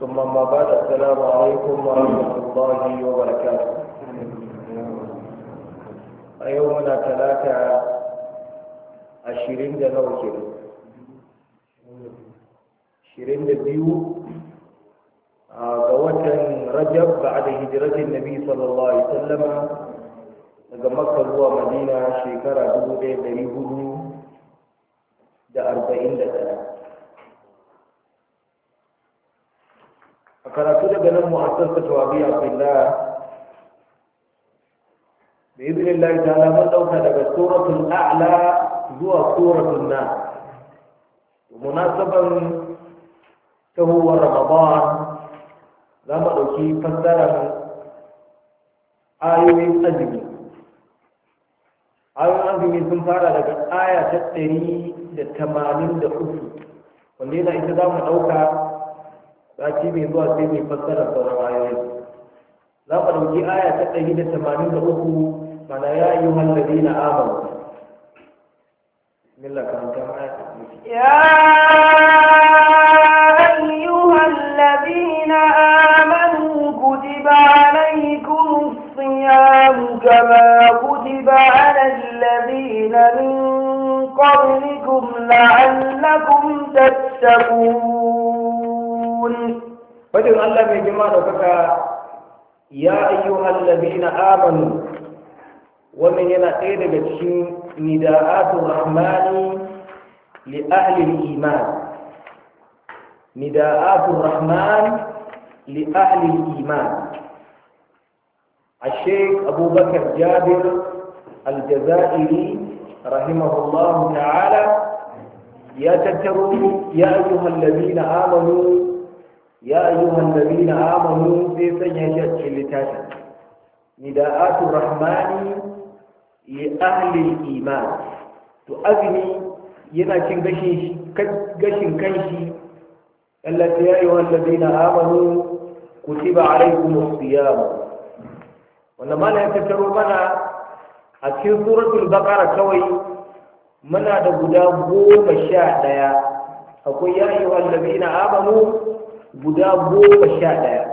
ثم ما بعد السلام عليكم ورحمة الله وبركاته يومنا ثلاثة عشرين دنو كده عشرين دبيو قوة رجب بعد هجرة النبي صلى الله عليه وسلم daga makka zuwa madina shekara dubu ɗaya ɗari hudu da arba'in da ɗaya a karatu daga nan mu'assasa tawabi abdullah bi idnillahi ta'ala mun dauka daga suratul a'la zuwa suratul nas munasabar tahowar ramadan za mu dauki fassarar ayoyin azumi ayoyin azumi sun fara daga aya ta ɗari da tamanin da uku wanda yana ita za mu ɗauka sati mai zuwa sai mai fassara sauran ayoyi za ku ɗauki aya ta ɗari da tamanin da uku mana ya yi hallabi na amon milla karanta aya ta ya أيها الذين آمنوا كتب عليكم الصيام كما كتب على الذين من قبلكم لعلكم تتقون fadin Allah mai girma da kuka ya ayyuhal ladina amanu wannan yana ɗaya daga cikin nida'atu rahmani li ahli iman nida'atu rahman li ahli iman الشيخ أبو بكر جابر الجزائري رحمه الله تعالى يا تتروا يا أيها الذين آمنوا ya ayyuhan ladina amanu sai sanya shi a cikin littafi nida'atu rahmani ya ahli iman to azumi yana cin gashin kanshi Allah ya ayyuhan ladina amanu kutiba alaykumus siyam wanda mana ya tattaro mana a cikin suratul baqara kawai muna da guda goma sha ɗaya akwai ya yi wallabina amanu guda goma sha ɗaya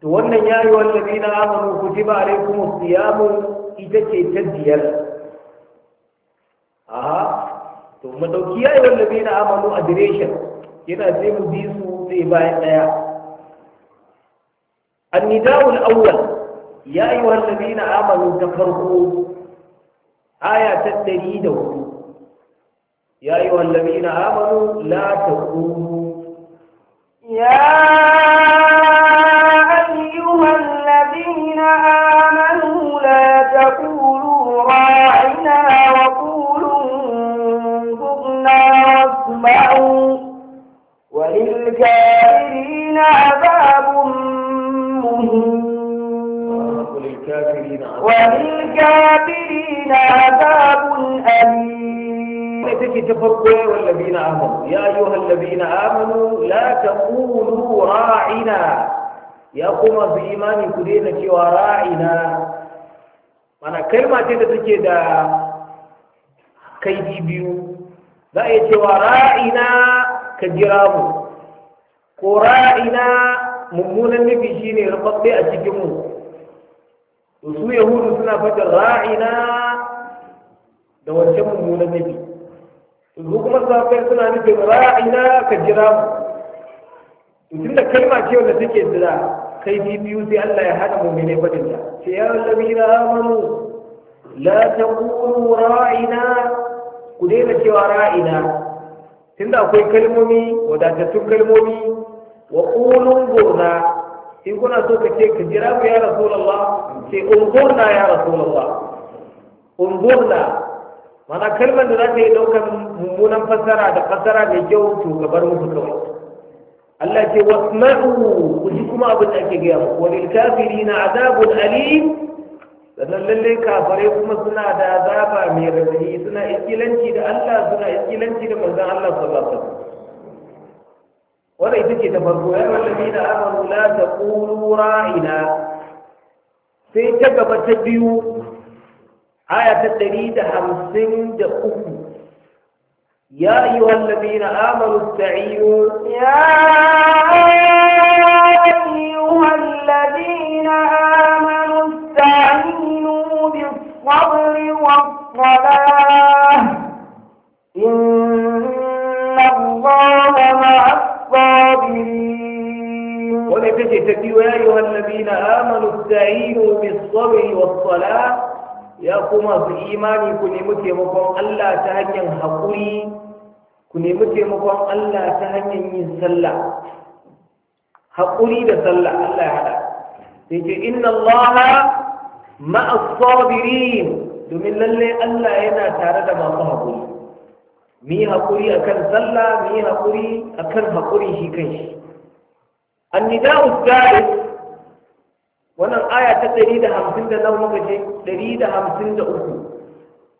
to wannan ya yi wallafi na amonu ku ji ba rai kuma siyamu ita ce ta biyar aha to Madauki ya yi wallafi na amonu a direshin yana sai mu bi su sai bayan ɗaya annidawul awwal ya yi wallafi na amonu ta farko aya ta ɗari da hudu ya yi wallafi na amonu la ta ƙuru يا أيها الذين آمنوا لا تقولوا راعنا وقولوا انظرنا واسمعوا وللكافرين عذاب مهين وللكافرين عذاب أليم take ta farko ya yi wallabina amanu ya yi wallabina amanu la ta kulu ra'ina ya kuma su imani ku daina cewa ra'ina mana kalma ce da take da kaidi biyu za a yi cewa ra'ina ka jira mu ko ra'ina mummunan nufi shine rubabbe a cikin mu to su yahudu suna fadin ra'ina da wancan mummunan nufi su kuma sahabbai suna nufin ra'ina ka jira mu tun da kalma ce wanda take jira kai biyu sai Allah ya hada mu'mine fadin ta sai ya allazina amanu la taqulu ra'ina ku daina cewa ra'ina tunda akwai kalmomi wadatattun kalmomi wa qulun gurna in kuna so ka ce ka jira mu ya rasulullah sai unzurna ya rasulullah unzurna mana kalmar da za ta yi ɗaukar mummunan fassara da fassara mai kyau to gabar musu kawai Allah ce wasma'u ku ji kuma abin da ake gaya muku kafiri na azabun alim sannan lallai kafirai kuma suna da azaba mai radadi suna iskilanci da Allah suna iskilanci da manzon Allah su alaihi wasallam wanda ita ce ta farko ya wallazina amanu la ra'ina sai ta gaba ta biyu آية ta ɗari da يا أيها الذين آمنوا استعينوا يا أيها الذين آمنوا استعينوا بالصبر والصلاة إن الله مع الصابرين ولكن يا أيها الذين آمنوا استعينوا بالصبر والصلاة ya kuma su imani ku nemi taimakon Allah ta hanyar haƙuri ku nemi taimakon Allah ta hanyar yin sallah haƙuri da sallah Allah ya haɗa sai ce inna Allah ma'as sabirin domin lalle Allah yana tare da masu haƙuri mu yi haƙuri akan sallah mu yi haƙuri akan haƙuri shi kanshi annida'u thalith wannan aya ta ɗari da hamsin da nawa muka ce ɗari da hamsin da uku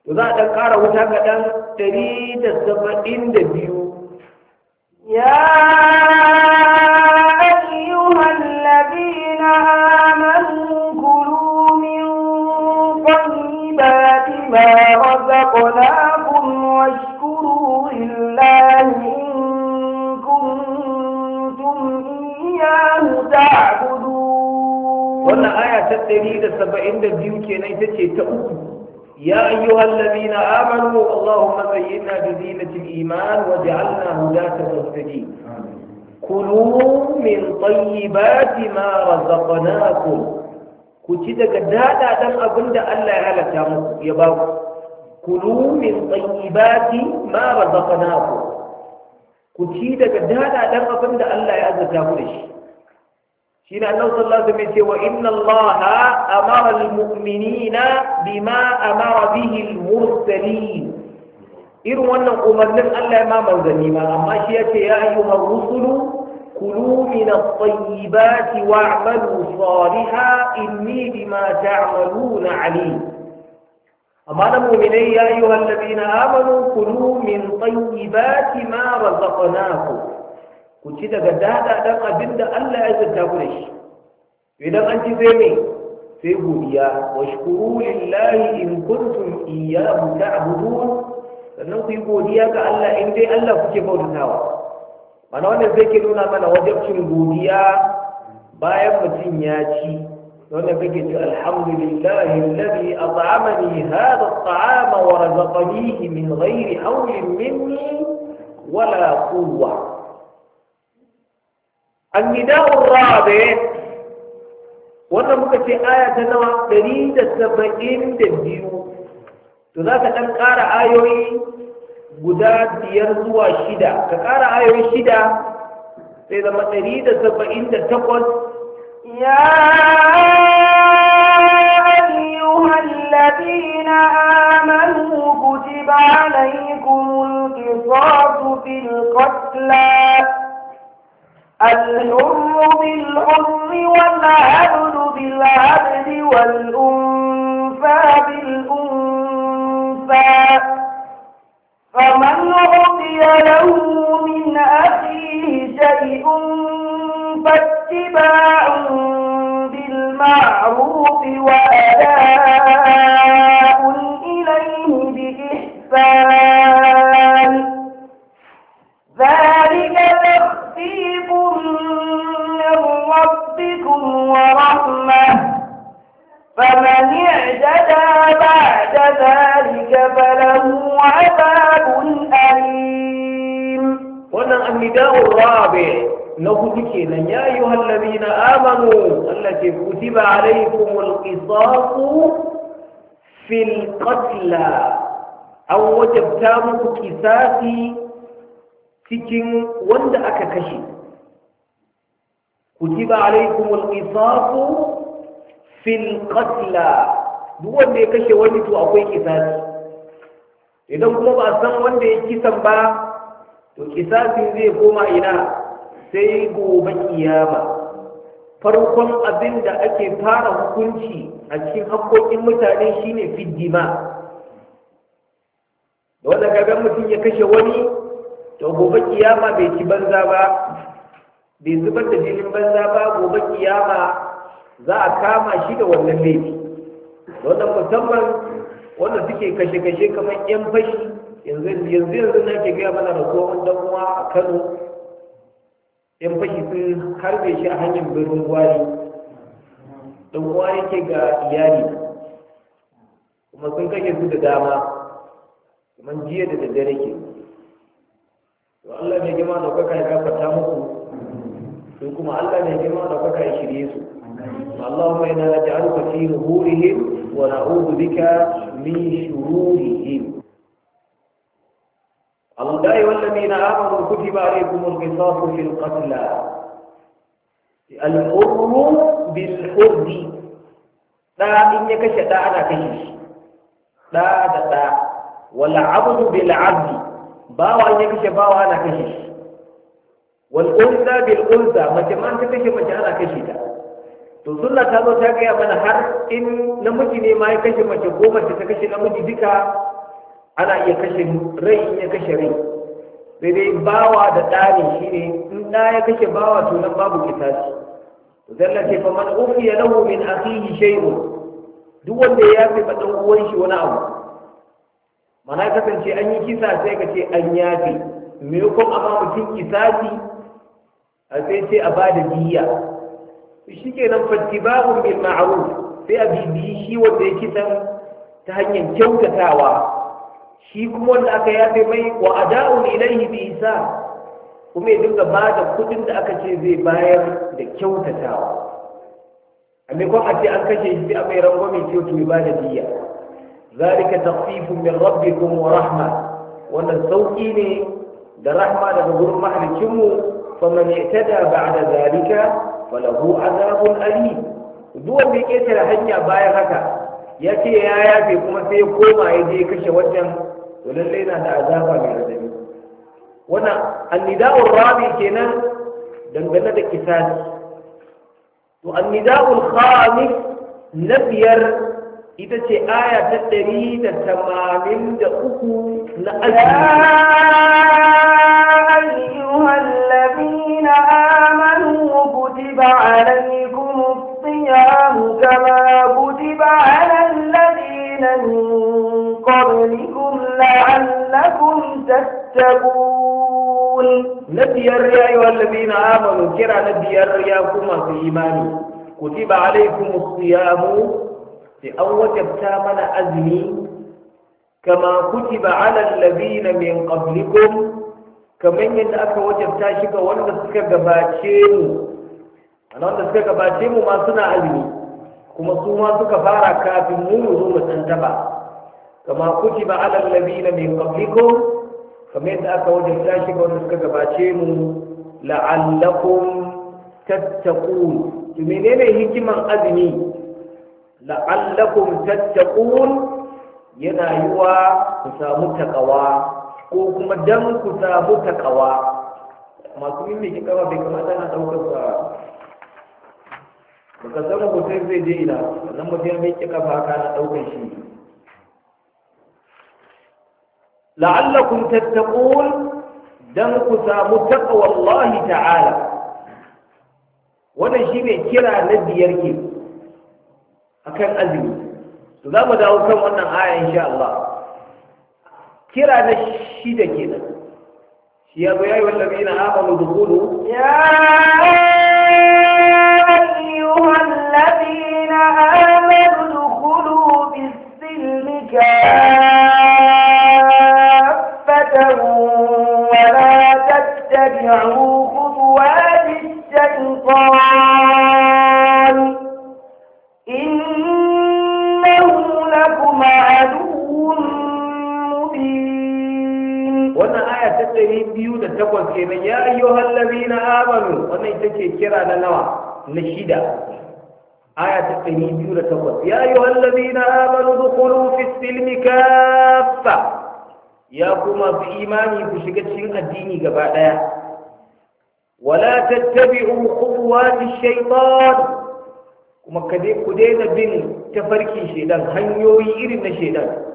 to za a ɗan ƙara wuta kaɗan ɗari da da biyu ya ayyuha allazina amanu kulu min ma wannan aya ta 172 kenan ita ce ta uku ya ayyuhal ladina amanu allahumma zayyinna bi zinatil iman waj'alna hudatan muhtadin kulu min tayyibati ma razaqnakum ku ci daga dada dadadan abinda Allah ya halatta muku ya ba ku kulu min tayyibati ma razaqnakum ku ci daga dada dadadan abinda Allah ya azurta ku da shi هنا الله صلى الله عليه وسلم وإن الله أمر المؤمنين بما أمر به المرسلين إرونا أمرنا ألا ما موزني ما أما يا أيها الرسل كلوا من الطيبات واعملوا صالحا إني بما تعملون عليم أما المؤمنين يا أيها الذين آمنوا كلوا من طيبات ما رزقناكم ku ci daga daɗaɗan abin da Allah ya zanta ku da shi idan an ci sai sai godiya wa shukuru lillahi in kuntum iyyahu ta'budun sannan ku yi godiya ga Allah in dai Allah kuke bautawa mana wannan zai ke nuna mana wajabcin godiya bayan mutum ya ci wannan kake ce alhamdulillahi alladhi at'amani hadha at'ama wa razaqanihi min ghairi hawlin minni wala quwwah النداء الرابع wannan muka ce aya ta nawa ɗari da saba'in da biyu to za ka ɗan ƙara ayoyi guda biyar zuwa shida ka ƙara ayoyi shida sai zama ɗari da saba'in da takwas ya الذين آمنوا كتب عليكم القصاص في القتلى الحر بالحر والعبد بالعبد والأنفى بالأنفى فمن عطي له من أخيه شيء فاتباع بالمعروف وأداء إليه بإحسان فمن اعتدى بعد ذلك فله عذاب أليم هنا النداء الرابع نقول كنا يا أيها الذين آمنوا التي كتب عليكم القصاص في القتلى أو وجبتام قصاصي تكن وند أككشي كتب عليكم القصاص fil qatla duk wanda ya kashe wani to akwai kisasi idan kuma ba san wanda ya kisan ba to kisasin zai koma ina sai gobe kiyama farkon abin da ake fara hukunci a cikin haƙoƙin mutane shine fiddima da wanda kaga mutum ya kashe wani to gobe kiyama bai ci banza ba bai zubar da jinin banza ba gobe kiyama za a kama shi da wannan laifi wannan musamman wanda suke kashe-kashe kamar yan fashi yanzu yanzu na ke gaya mana da tsohon dan uwa a Kano yan fashi sun harbe shi a hanyar birnin gwari dan uwa yake ga iyali kuma sun kashe su da dama kuma jiya da daddare ke to Allah ne gima da kuka ya ta muku su kuma Allah ne girma da kuka shirye su Allahumma inna naj'aluka fi nuhurihim wa na'udhu bika min shururihim Allah ya wallazina amanu kutiba alaykumul qisasu fil qatl al-hurru bil hurri da in ya kashe da ana kashe shi da da da wal abdu bil abdi bawa in ya kashe bawa ana kashe shi wal unza bil unza mace ma ta kashe mace ana kashe ta to sunna ta zo ta gaya mana har in namiji ne ma ya kashe mace ko mace ta kashe namiji duka ana iya kashe rai in ya kashe rai sai dai bawa da ɗani shine in ɗa ya kashe bawa to nan babu kitasi? to zalla ce fa man ufiya lahu min akhihi shay'un duk wanda ya fi ba dan uwan shi wani abu mana kasance an yi kisa sai ka ce an yafi. me yakon amma mutum kisasi a sai ce a ba da biya shi ke nan fattibahun bil ma'ruf sai a bibiyi shi wanda ya kisan ta hanyar kyautatawa shi kuma wanda aka yafe mai wa ada'un ilaihi bi isa kuma ya dinga ba da kudin da aka ce zai bayar da kyautatawa a maimakon a ce an kashe shi a mai rangwame ce to ba da biya zalika tafifun min rabbikum wa rahma wannan sauki ne da rahma daga gurin mahalicinmu faman ihtada ba'da zalika falahu azabun alim duk wanda ya ketare hanya bayan haka ya ce ya yafe kuma sai koma ya je kashe wancan to lallai na da azaba mai radadi wannan annida'ur rabi kenan dangane da kisasi to annida'ul khamis na biyar ita ce aya ta ɗari da tamanin da uku na ajiyu الذين آمنوا كتب عليكم الصيام كما كتب على الذين من قبلكم لعلكم تتقون نبي يا أيها الذين آمنوا كرا نبي يا كما في إيماني كتب عليكم الصيام في أول من أزمي كما كتب على الذين من قبلكم kamar yadda aka wajabta shi ga wanda suka gabace mu wanda suka gabace mu ma suna azumi kuma su ma suka fara kafin mu mu zo mu tantaba kama kutiba ala alladhina min qablikum kamar yadda aka wajabta shi ga wanda suka gabace mu la'allakum tattaqun to menene hikiman azumi la'allakum tattaqun yana yiwa ku samu takawa ko kuma dan ku samu takawa masu yin mimmikin kawa bai kamata na daukar sa baka san hoton zai je ina nan mutum mai kika fa haka na daukar shi la'allakum tattaqun dan ku samu taqwa Allah ta'ala wannan shine kira na biyar ke akan azumi to za mu dawo kan wannan aya insha Allah kira na shi da ke nan shi ya zo yayi wallabi na amanu dukulu ya ayyuhan ladina amanu dukulu bisilmi kafatan wa la tattabi'u khutuwati shaytan innahu lakuma ta ɗari biyu da takwas nan, ya ayyo hallabi na amanu wannan ita ce kira na nawa na shida aya ta ɗari biyu da takwas ya ayyo hallabi na amanu dukulu fi silmi kafa ya kuma fi imani ku shiga cikin addini gaba ɗaya wala tattabi'u khutuwati shaytan kuma ku daina bin tafarkin shaidan hanyoyi irin na shaidan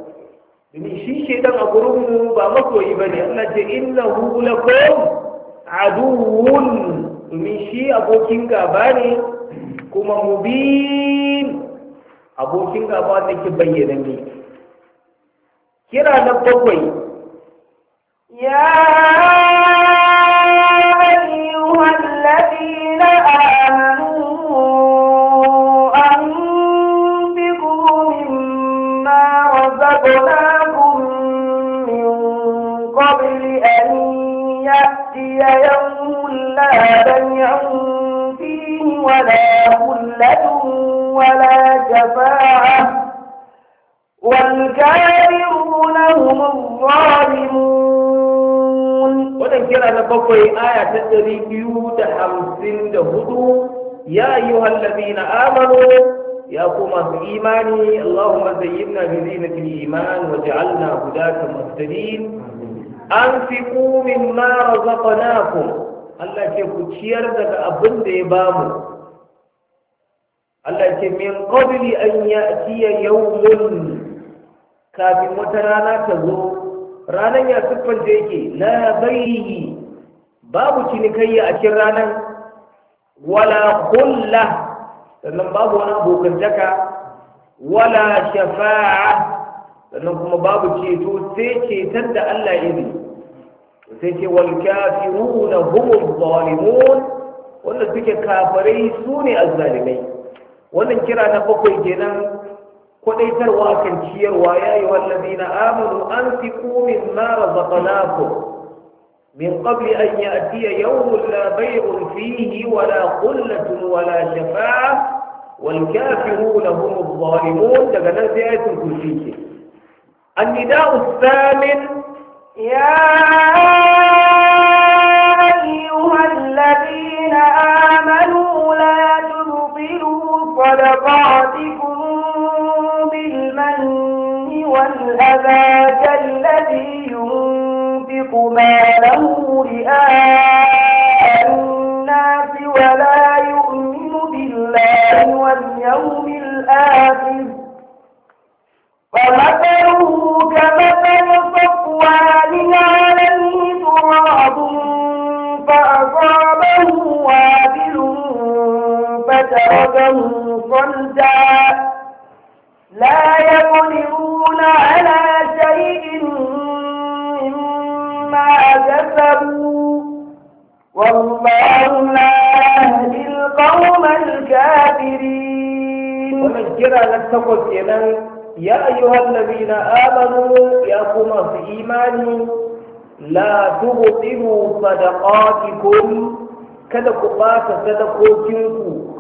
shi dan a gurin ba masoyi ba ne Allah ce innahu lakum aduwwun domin shi abokin gaba ne kuma mubin abokin gaba wanda ke bayyana ne kira na bakwai ya ayyuhan ladina amanu رزقناكم يوم لا بيع فيه ولا خلة ولا شفاعة والكافرون هم الظالمون wannan kira na bakwai aya ta ɗari biyu da hamsin da hudu ya yi hallabi na amano ya kuma su imani allahumma zayyibna bi zinatil iman wa ja'alna hudatan mustaqim an fi ƙumin mara ku Allah ce ku ciyar daga abin da ya bamu Allah ce min ƙobili an ya ciye yawon kafin wata rana ta zo ranar ya da yake na bayi babu cinikayya a cikin ranar wala kulla sannan babu wani abokantaka wala shafa'a sannan kuma babu ceto sai cetar da Allah ya bi sai ce wal kafiruna humul zalimun wanda suke kafirai sune ne azzalimai wannan kira na bakwai kenan kwadaitarwa kan ciyarwa ya yi wallazi na amanu an fi kumin mara zaɓanaku min ƙabli an yi atiya yawon labai fihi wala kullatun wala shafa wal kafiru na humu zalimun daga nan sai ya yi النداء الثامن يا أيها الذين آمنوا لا تبطلوا صدقاتكم بالمن والأذى كالذي ينفق ماله رئاء الناس ولا يؤمن بالله واليوم الآخر فمثل فصفوى لعليه تراب فأصابه وابل فتركه صلدا لا يقدرون على شيء مما كسبوا والله لا يهدي القوم الكافرين ومن كرا لك تقول يا أيها الذين آمنوا يا قوم في إيماني لا تبطلوا صدقاتكم kada ku ɓata sadakokinku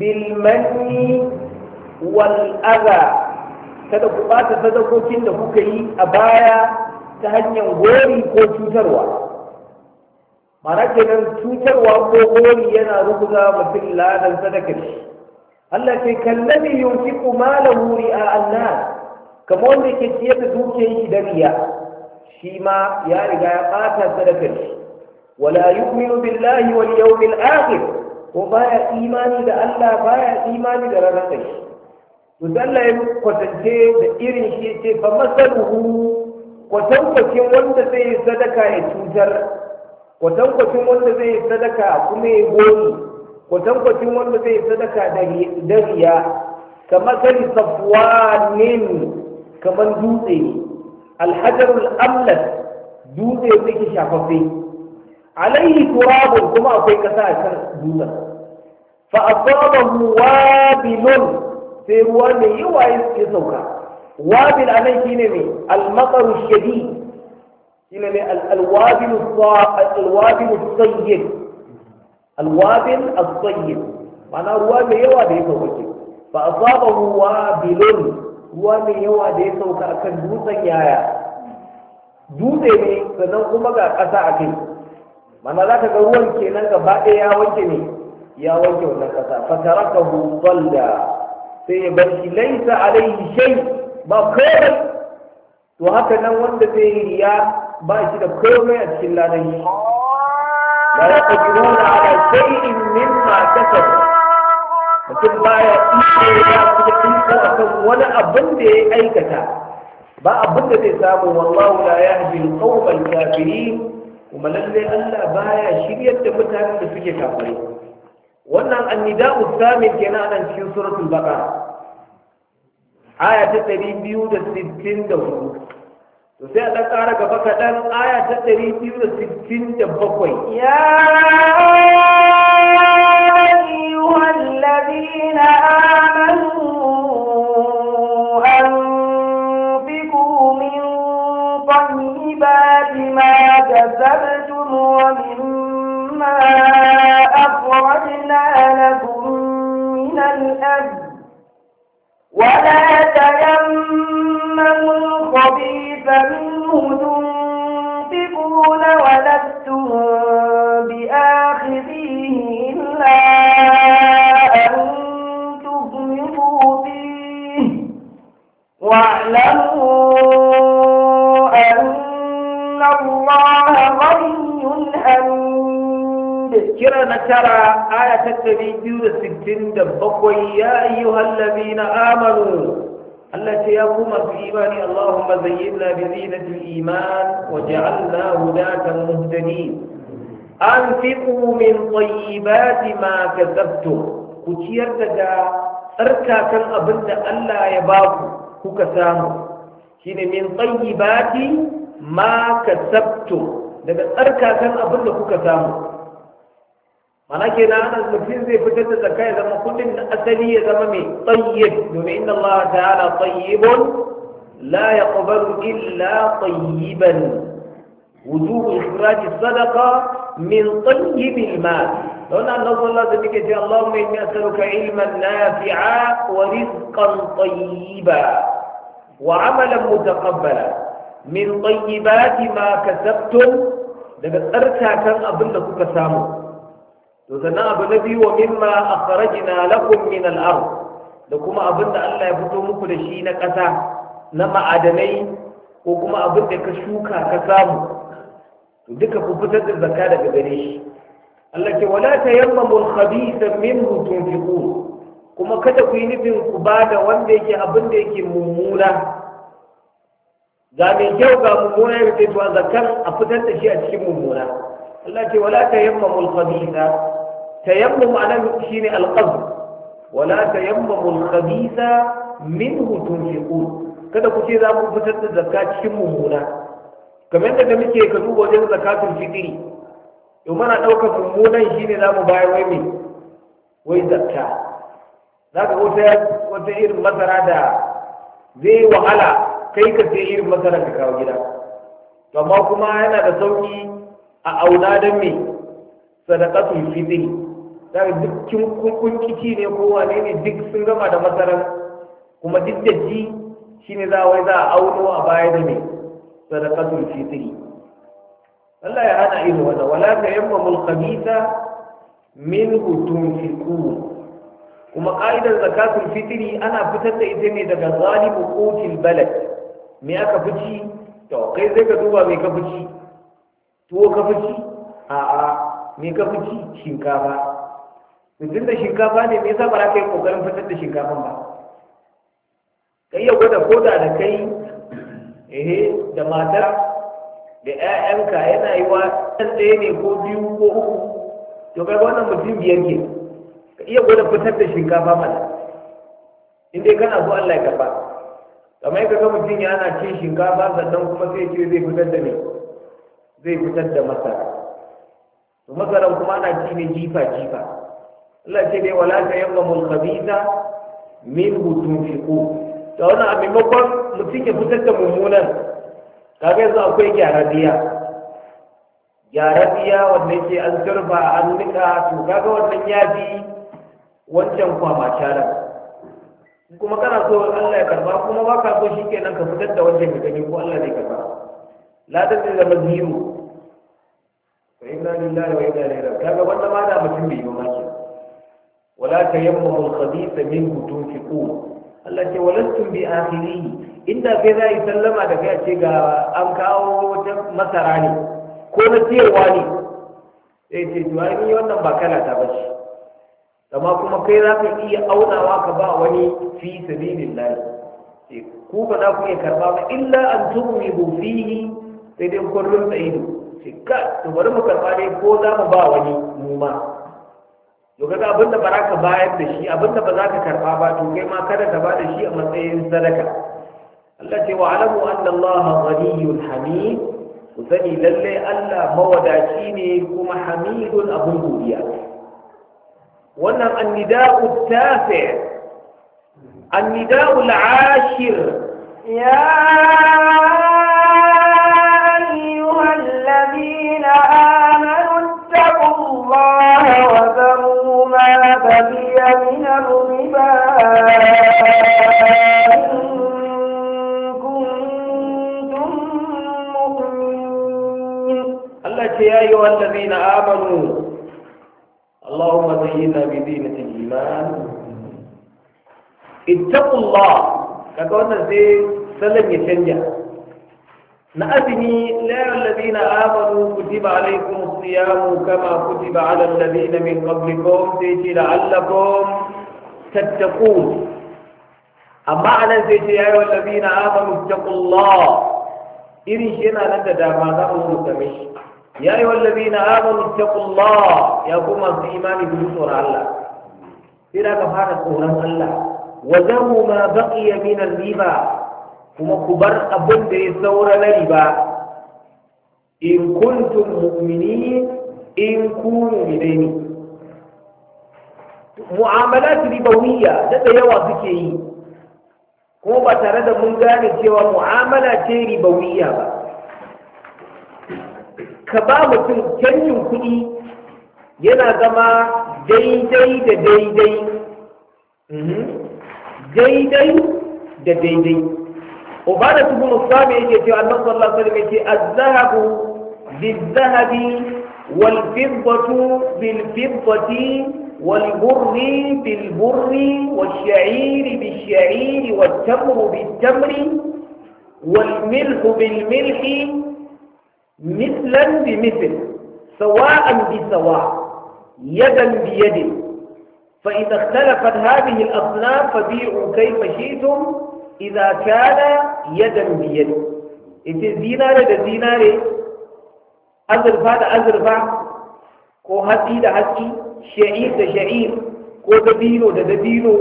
bilmanni kada ku ɓata sadakokin da kuka yi a baya ta hanyar gori ko cutarwa mana kenan cutarwa ko gori yana rubuta mutum ladan sadakar shi Allah ce kallabi yunfiqu malahu ri'a an-nas kamar wanda yake ciyar da dukiyar shi da riya shi ma ya riga ya bata sadakar shi wala yu'minu billahi wal yawmil akhir ko baya imani da Allah baya imani da ranar shi to Allah ya kwatance da irin shi ce fa masaluhu kwatankwacin wanda zai yi sadaka ya cutar kwatankwacin wanda zai yi sadaka kuma ya goyi kwatankwacin wanda zai sadaka da riya kamar kan safwanin kamar dutse ne alhajarul amlas dutse yake shafaffe alaihi turabun kuma akwai kasa a kan dutsen fa asabahu wabilun sai ruwa mai yawa ya sauka wabil anan shine ne almaqaru shadid shine ne alwabil alwabil sayyid alwabin as mana ruwa mai yawa da ya sauke Ba a saba ruwa ruwa mai yawa da ya sauka a kan dutsen yaya dutse ne sannan kuma ga ƙasa a kai mana za ka ga ruwan kenan gaba ɗaya ya wanke ne ya wanke wannan ƙasa fa tarakahu dalla sai ya bar shi laisa alaihi shay ba komai to haka nan wanda zai yi riya ba shi da komai a cikin ladan la yaqdiruna ala shay'in mimma kasabu mutum baya iya ya kuma a kan wani abin da ya aikata ba abin da zai samu wallahu la yahdi al-qawma al kuma lalle Allah baya shiryar da mutanen da suke kafirai wannan annida'u samin kenan nan cikin suratul baqara aya ta hudu to sai Allah ƙara gaba kaɗan aya ta ɗari biyu da sittin da bakwai. Ya ayyuhan ladina amanu طيبات ما كسبتم ومما أخرجنا لكم من الأرض ولا تيمموا الخبيث فمنه تنفقون ولستم بآخذيه إلا أن تغمضوا فيه واعلموا أن الله غني حميد كرنا ترى آية التبيين 67 يا أيها الذين آمنوا Allah ce ya kuma fi imani Allahumma zayyana bi zinatil iman waj'alna hudatan muhtadin anfiqu min tayyibati ma kasabtum ku ciyar daga tsarkakan abin da Allah ya ba ku kuka samu shine min tayyibati ma kasabtum daga tsarkakan abin da kuka samu mana ke na ana mutum zai fitar da zakka ya zama kullum da asali ya zama mai tsayyib domin inna Allah ta'ala tsayyibun la yaqbalu illa tsayyiban wujubu ikhraji sadaqa min tsayyibil mal don Allah sallallahu alaihi wasallam ke ce Allahumma inni as'aluka ilman nafi'a wa rizqan tayyiba wa 'amalan mutaqabbala min tayyibati ma kasabtum daga tsarkakan abin da kuka samu to sannan abu na biyu wa mimma akhrajna lakum min al-ard da kuma abin da Allah ya fito muku da shi na ƙasa na ma'adanai ko kuma abin da ka shuka ka samu to duka ku fitar da zakka daga gare shi Allah ke wala tayammamu al-khabitha minhu tunfiqun kuma kada ku yi nufin ku ba da wanda yake abin da yake mummuna ga mai kyau ga mummuna ya fito zakkan a fitar da shi a cikin mummuna Allah ce wala tayammamu al-khabitha tayammum anan ne alqazf wala tayammumul min hutun tunfiqun kada ku ce za ku fitar da zakka cikin mummuna kamar yadda muke ka duba wajen zakatul fitri yau mana ɗaukar mummunan ne za mu bayar wai mai wai zakka za ka wata wata irin masara da zai wahala kai ka sai irin masara ka kawo gida amma kuma yana da sauki a auna don mai sadaqatul fitri za duk kin kun kici ne ko wane ne duk sun gama da masarar kuma duk da ji shine za wai za a auno a baya da me sadaqatul fitri Allah ya hana ido wala wala yamma mul khabitha minhu tunfiqun kuma ka'idar zakatul fitri ana fitar da ita ne daga zalibu qutil balad me aka fici to kai zai ka duba me ka fici tuwo ka fici a'a me ka fici shinkafa tun da shinkafa ne me yasa ba za ka yi kokarin fitar da shinkafa ba ka iya gwada koda da kai ehe da matar da 'ya'yanka yana yi wa ɗan ɗaya ne ko biyu ko uku to kai wannan mutum biyar ke ka iya gwada fitar da shinkafa mana in dai kana so Allah ya kafa. kamar ka ga mutum na cin shinkafa sannan kuma sai ce zai fitar da ne zai fitar da masara to masaran kuma ana ci ne jifa jifa Allah ce dai wala ta yamma mun khabitha min tunfiqu to wannan a maimakon mutum ya fitar da mummunan kaga yanzu akwai gyaradiya gyaradiya wanda yake an turba an nika to kaga wannan ya bi wancan kwama sharan kuma kana so Allah ya karba kuma ba ka so shikenan ka fitar da wancan ka gani ko Allah zai karba la ta zai zama biyu fa inna lillahi wa inna ilaihi raji'un kaga wannan ma da mutum bai yi mamaki wala tayammamu al-khabitha minhu tunfiqun Allah ce walastum bi akhirihi inda kai za yi sallama da kai ce ga an kawo wata masara ne ko na cewa ne sai ce to ai wannan ba kana ta bace amma kuma kai za ka iya aunawa ka ba wani fi sabilillah sai ku ba za ku iya karba ba illa an tumidu fihi sai dai kun sai ka to bari mu karba dai ko za mu ba wani mu ma to kaga abin ba za ka bayar da shi abin da ba za ka karba ba to kai ma kada ka ba da shi a matsayin sadaka Allah ce wa alamu anna Allah ghaniyyun hamid ku sani lalle Allah mawadaci ne kuma hamidun abun godiya wannan annida'u tafi annida'u al'ashir ya ayyuhal ladina بقي من الربا يا أيها الذين آمنوا اللهم زينا بزينة الإيمان اتقوا الله كقولنا زي سلم يتنجح نأذني لا الذين آمنوا كتب عليكم الصيام كما كتب على الذين من قبلكم تيجي لعلكم تتقون أما على زيتي يا أيوة الذين آمنوا اتقوا الله إذن شئنا لدى دعما نأمر تمش يا أيها الذين آمنوا اتقوا الله يا كما في إيمان بلسور الله إذا كفانا سورة الله وذروا ما بقي من الريبا kuma ku bar abin da ya saura na riba in kuntum mu'mini in kunu mu'minai mu'amalat ribawiyya da yawa suke yi ko ba tare da mun gane cewa mu'amala ce ribawiyya ba ka ba mutum canjin kuɗi yana zama daidai da daidai mhm. daidai da daidai وبعد تقول الصامي يجي أن صلى الله عليه وسلم يجي الذهب بالذهب والفضة بالفضة والبر بالبر والشعير بالشعير والتمر بالتمر والملح بالملح مثلا بمثل سواء بسواء يدا بيد فإذا اختلفت هذه الأصناف فبيعوا كيف شئتم iza kana yadan biyad ita zinare da zinare azurfa da azurfa ko hatsi da hatsi sha'ir da sha'ir ko dabino da dabino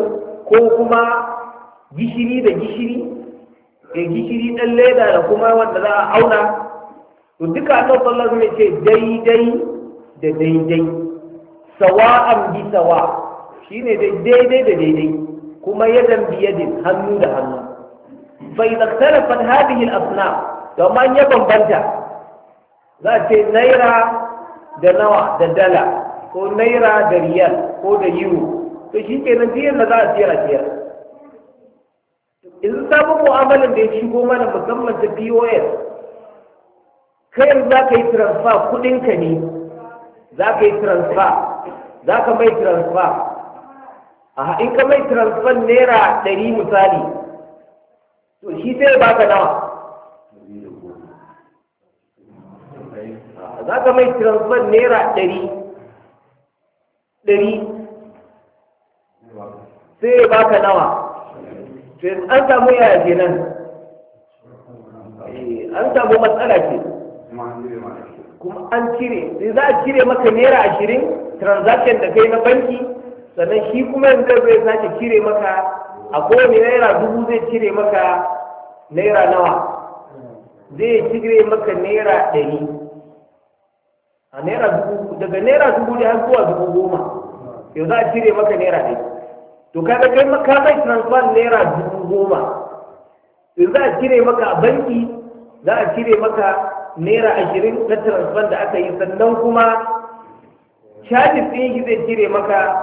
ko kuma gishiri da gishiri gishiri ɗan leda da kuma wanda za a auna to duka annabi sallallahu alaihi ce daidai da daidai sawa'an bi sawa shine daidai da daidai kuma yadan biyadin hannu da hannu Bai idza ikhtalafat hadhihi al-asnaf ya bambanta za ce naira da nawa da dala ko naira da riyal ko da euro to shi nan, duk yadda za a siyar a in sabon mu'amalan da ya shigo mana musamman ta POS kai yanzu za ka yi transfer kuɗinka ne za ka yi transfer za ka mai transfer a in ka mai transfer naira ɗari misali to shi sai ba baka nawa za ka mai transfer naira ɗari ɗari sai ba baka nawa to an samu yaya kenan eh, an samu matsala ce kuma an cire Sai za a cire maka naira ashirin transaction da kai na banki sannan shi kuma yanzu zai sake cire maka a kowane naira dubu zai cire maka naira nawa zai cire maka naira ɗari a naira dubu daga naira dubu da har zuwa dubu goma yau za a cire maka naira ɗari to kaga kai maka mai transfer naira dubu goma yau za a cire maka a banki za a cire maka naira ashirin na transfer da aka yi sannan kuma shafi ɗin zai cire maka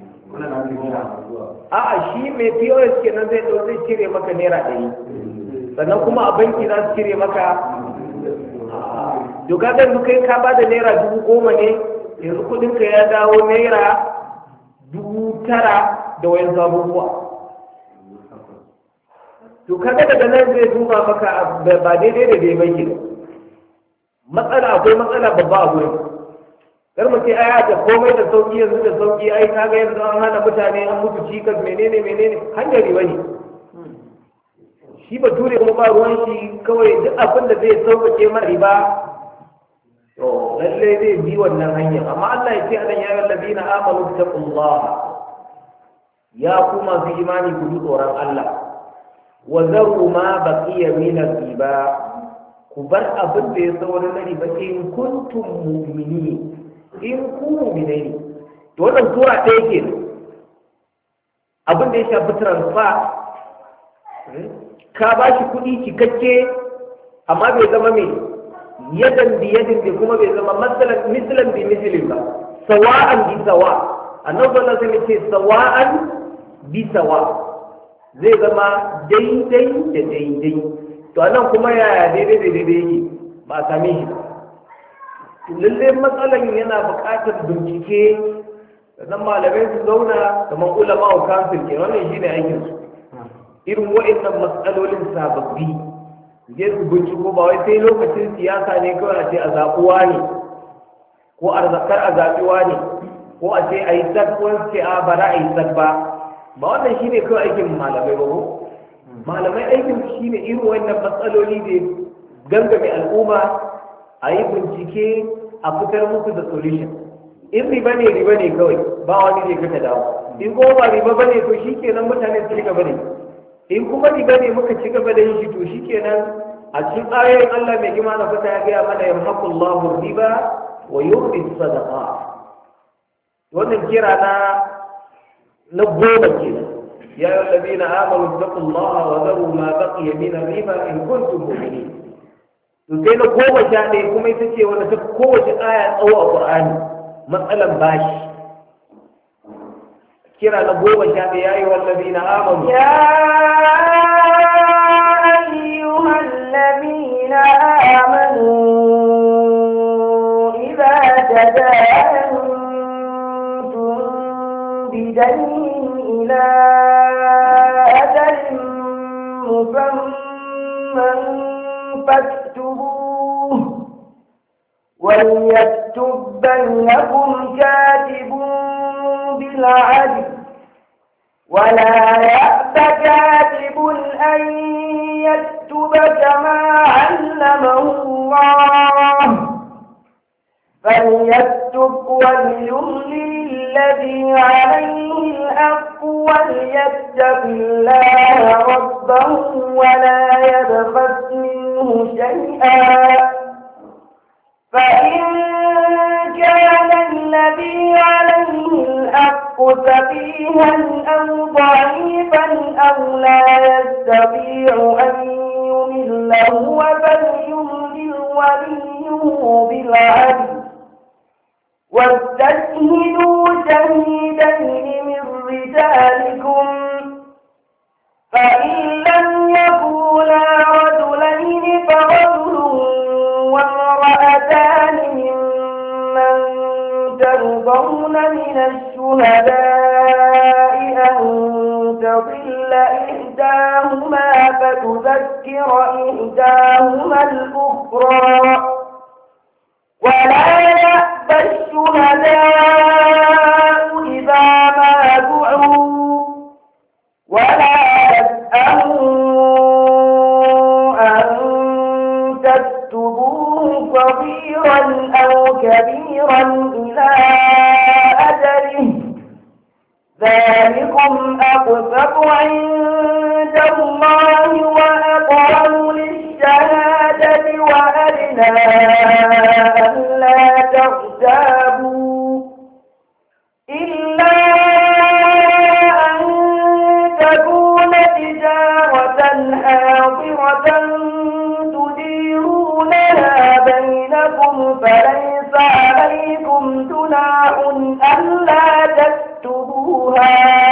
a'a shi mai POS kenan zai ɗau zai cire maka naira ɗari sannan kuma a banki za su cire maka to zai yanzu kai ka bada naira dubu goma ne yanzu kuɗin ka ya dawo naira dubu tara da wayan abubuwa to zai daga nan zai duba maka ba daidai da dai banki matsala akwai matsala babba a gurin kar mu ce aya ta komai da sauki yanzu da sauki ai ga yanzu an hana mutane an mutu cikas menene menene hanyar riba ne shi ba ture kuma ba ruwan shi kawai duk abin da zai sauƙaƙe mara riba to lalle zai bi wannan hanya amma Allah ya ce anan ya na ladina amanu taqullaha ya kuma su imani ku tsoron Allah wa zaru ma baqiya min riba ku bar abin da ya saura na riba in kuntum mu'minin in ku mine ne to wannan tura ɗaya ke abin da ya shafi transfer eh, ka ba shi kuɗi cikakke amma bai zama mai yadan bi yadin bi kuma bai zama misalan bi misalin ba sawa'an bi sawa annabi sallallahu alaihi ce sawa'an bi sawa zai zama daidai da daidai to anan kuma yaya daidai da daidai yake ba a same shi ba lalle matsalan yana buƙatar bincike nan malamai su zauna kamar ulama wa kafin ke wannan shine aikin su irin wa'annan matsalolin sababbi je su binciko ba wai sai lokacin siyasa ne kawai a ce a zaɓuwa ne ko a zakar a zaɓuwa ne ko a ce a yi sak ko ce a ba za a yi sak ba ba wannan shine kawai aikin malamai ba ko malamai aikin shine irin wa'annan matsaloli da gangame al'umma a yi bincike a fitar musu da solution in riba ne riba ne kawai ba wani zai kaka dawo in kuma ba riba bane to shi kenan mutane su ci gaba da in kuma riba ne muka ci gaba da shi to shi kenan a cikin ayoyin Allah mai gima na fata ya gaya mana yamhaqullahu riba wa yuhdi sadaqa wannan kira na na goma kenan ya ayyuhallazina amanu taqullaha wa zaru ma bi na riba in kuntum mu'minin to sai na goma sha ɗaya kuma ita ce wanda ta kowace aya tsawo a ƙur'ani matsalan bashi kira na goma sha ɗaya ya yi wallabi na amanu ya ayyuhan lamina amanu idza tadantum bidaynin ila ajalin musamman فاكتبوه وليكتب بينكم كاتب بالعدل ولا يأب كاتب أن يكتب كما علمه الله فليكتب وليغلي الذي عليه الحق وليتق الله ربه ولا يبخس منه شيئا فإن كان الذي عليه الحق سفيها أو ضعيفا أو لا يستطيع أن يمله فليغلي فليملل وليه بالعدل واستشهدوا شهيدين من رجالكم فإن لم يكونا رجلين فرجل وامرأتان ممن ترضون من الشهداء أن تضل إحداهما فتذكر إحداهما الأخرى ولا يأتي حتى الشهداء إذا ما دعوا ولا تسألوا أن تكتبوه صغيرا أو كبيرا إلى أجله ذلكم أقسط عند الله وأن تَكُونَ تِجَارَةً حَاضِرَةً تُدِيرُونَهَا بَيْنَكُمْ فَلَيْسَ عَلَيْكُمْ جُنَاحٌ أَلَّا تَكْتُبُوهَا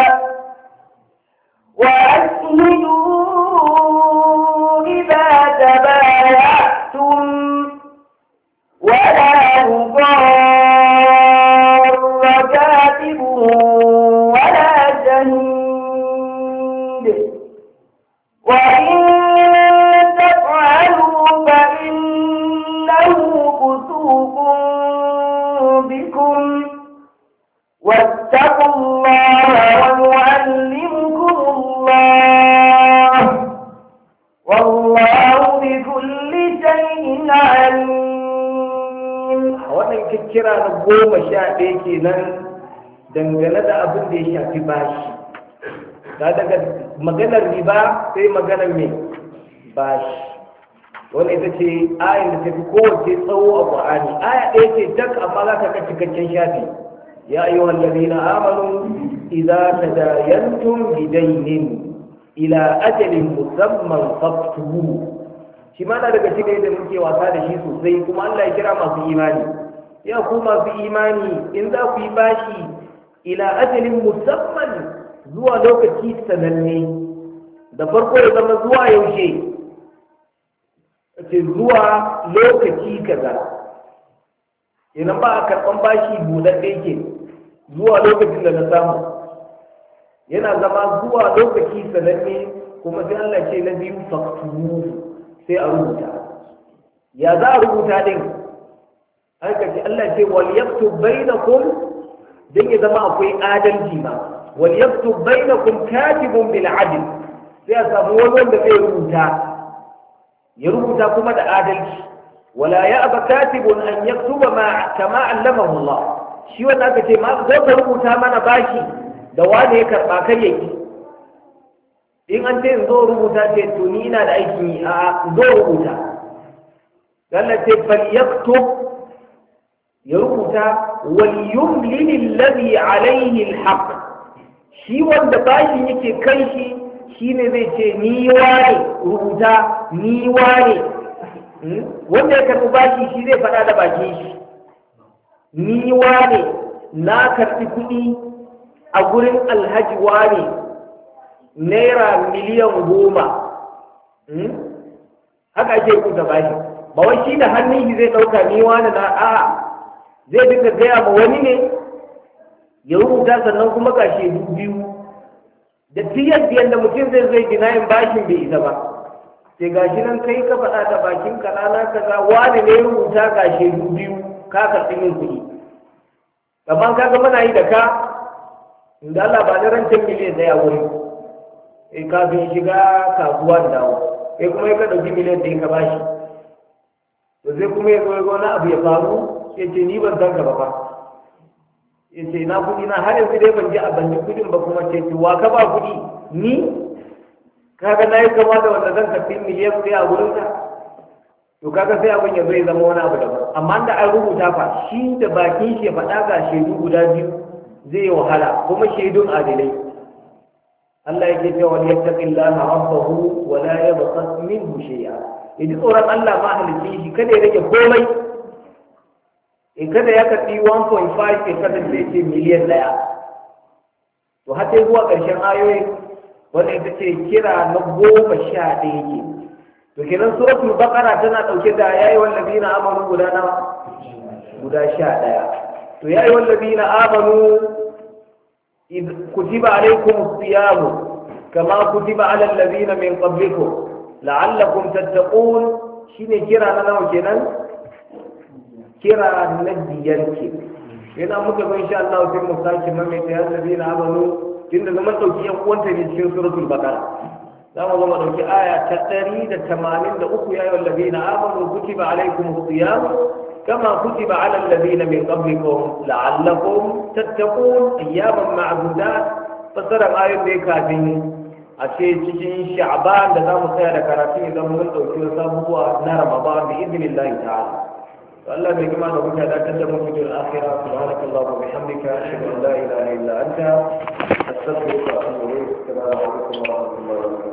kira na goma sha ɗaya kenan dangane da abin da ya shafi bashi ta daga maganar riba sai maganar mai bashi wani ita ce ayin da ta fi kowace tsawo a ƙwa'ani aya ɗaya ce tak amma za ka ga cikakken shafi ya yi wallabi na amanu idza tadayantum bidainin ila ajalin musamman faktuhu shi ma na daga cikin da muke wasa da shi sosai kuma Allah ya kira masu imani ya ku masu imani in za ku yi bashi ila ajalin musamman zuwa lokaci sananne da farko ya zama zuwa yaushe ce zuwa lokaci kaza idan ba a karɓan bashi buɗaɗɗe ke zuwa lokacin da na samu yana zama zuwa lokaci sananne kuma sai Allah ce na biyu fakturu sai a rubuta ya za a rubuta din haka ce Allah ce wal yaktu bainakum dan ya zama akwai adalci ma wal yaktu bainakum katibun bil adl sai a samu wani wanda zai rubuta ya rubuta kuma da adalci wala ya'ba katibun an yaktuba ma kama allamahu Allah shi wanda aka ce ma zo ka rubuta mana bashi da wani ya karba kai yake in an ce zo rubuta ce to ni ina da aikin yi a zo rubuta Allah ce fal yaktub ya rubuta wal yumlil alladhi alayhi alhaq shi wanda bashin yake kai shi shine zai ce ni ne rubuta ni ne. Hmm? wanda ya karɓi bashi shi zai faɗa da baki shi ni ne na karɓi kuɗi a gurin alhaji ne naira miliyan goma hmm? haka ake kusa bashi ba wai shi da hannun shi zai ɗauka ni wane na a zai dinka gaya ma wani ne ya rubuta sannan kuma ga shaidu biyu da tiyar biyan da mutum zai zai gina yin bashin bai isa ba sai ga shi nan kai ka faɗa ta bakin ka rana wani ne rubuta ga shaidu biyu ka ka min kuɗi amma kaga muna yi da ka inda Allah ba ni rancen miliyan ɗaya wuri eh kafin shiga kasuwa da dawo E, kuma ya ka ɗauki miliyan ɗaya ka bashi to zai kuma ya zo ya abu ya faru ya ni ban san gaba ba ya na kuɗi na har yanzu dai ban ji a banji kudin ba kuma ce ki wa ka ba kuɗi ni kaga na yi kama da wanda zan tafi miliyan kudi a wurin ka to kaga sai abin ya zai zama wani abu daban amma da an rubuta fa shi da baki shi ya faɗa ga shaidu guda biyu zai yi wahala kuma shaidun adilai Allah yake cewa yadda yattaqillaha rabbahu wa la minhu shay'a idan tsoron Allah ma halicce shi kada ya rage komai in kada ya karɓi 1.5 in kada da yake miliyan ɗaya to har sai zuwa ƙarshen ayoyi wanda ita ce kira na goma sha ɗaya ke to kenan suratul baqara tana ɗauke da yayi wallabi na amanu guda na guda sha ɗaya to yayi wallabi na amanu kutiba alaikum siyamu kama kutiba ala allazina min qablikum la'allakum tattaqun shine kira na nawa kenan kira na biyar ke ina muka bai sha Allah sai mu sake mamme ta yar nabi na abalo tunda zaman dauki yan uwan ta ne cikin suratul baqara za mu zama ɗauki aya ta 183 ya yawan ladina amanu kutiba alaikumus siyam kama kutiba ala alladhina min qablikum la'allakum tattaqun ayyaman ma'budat fasara ayat ne kafin a cikin sha'aba, da za mu tsaya da karatu idan mun ɗauki wasu abubuwa na ramadan bi idnillahi ta'ala فالله بكما نبوك لا تندم في الآخرة سبحانك الله وبحمدك أشهد أن لا إله إلا أنت أستغفرك وأتوب إليك السلام عليكم ورحمة الله وبركاته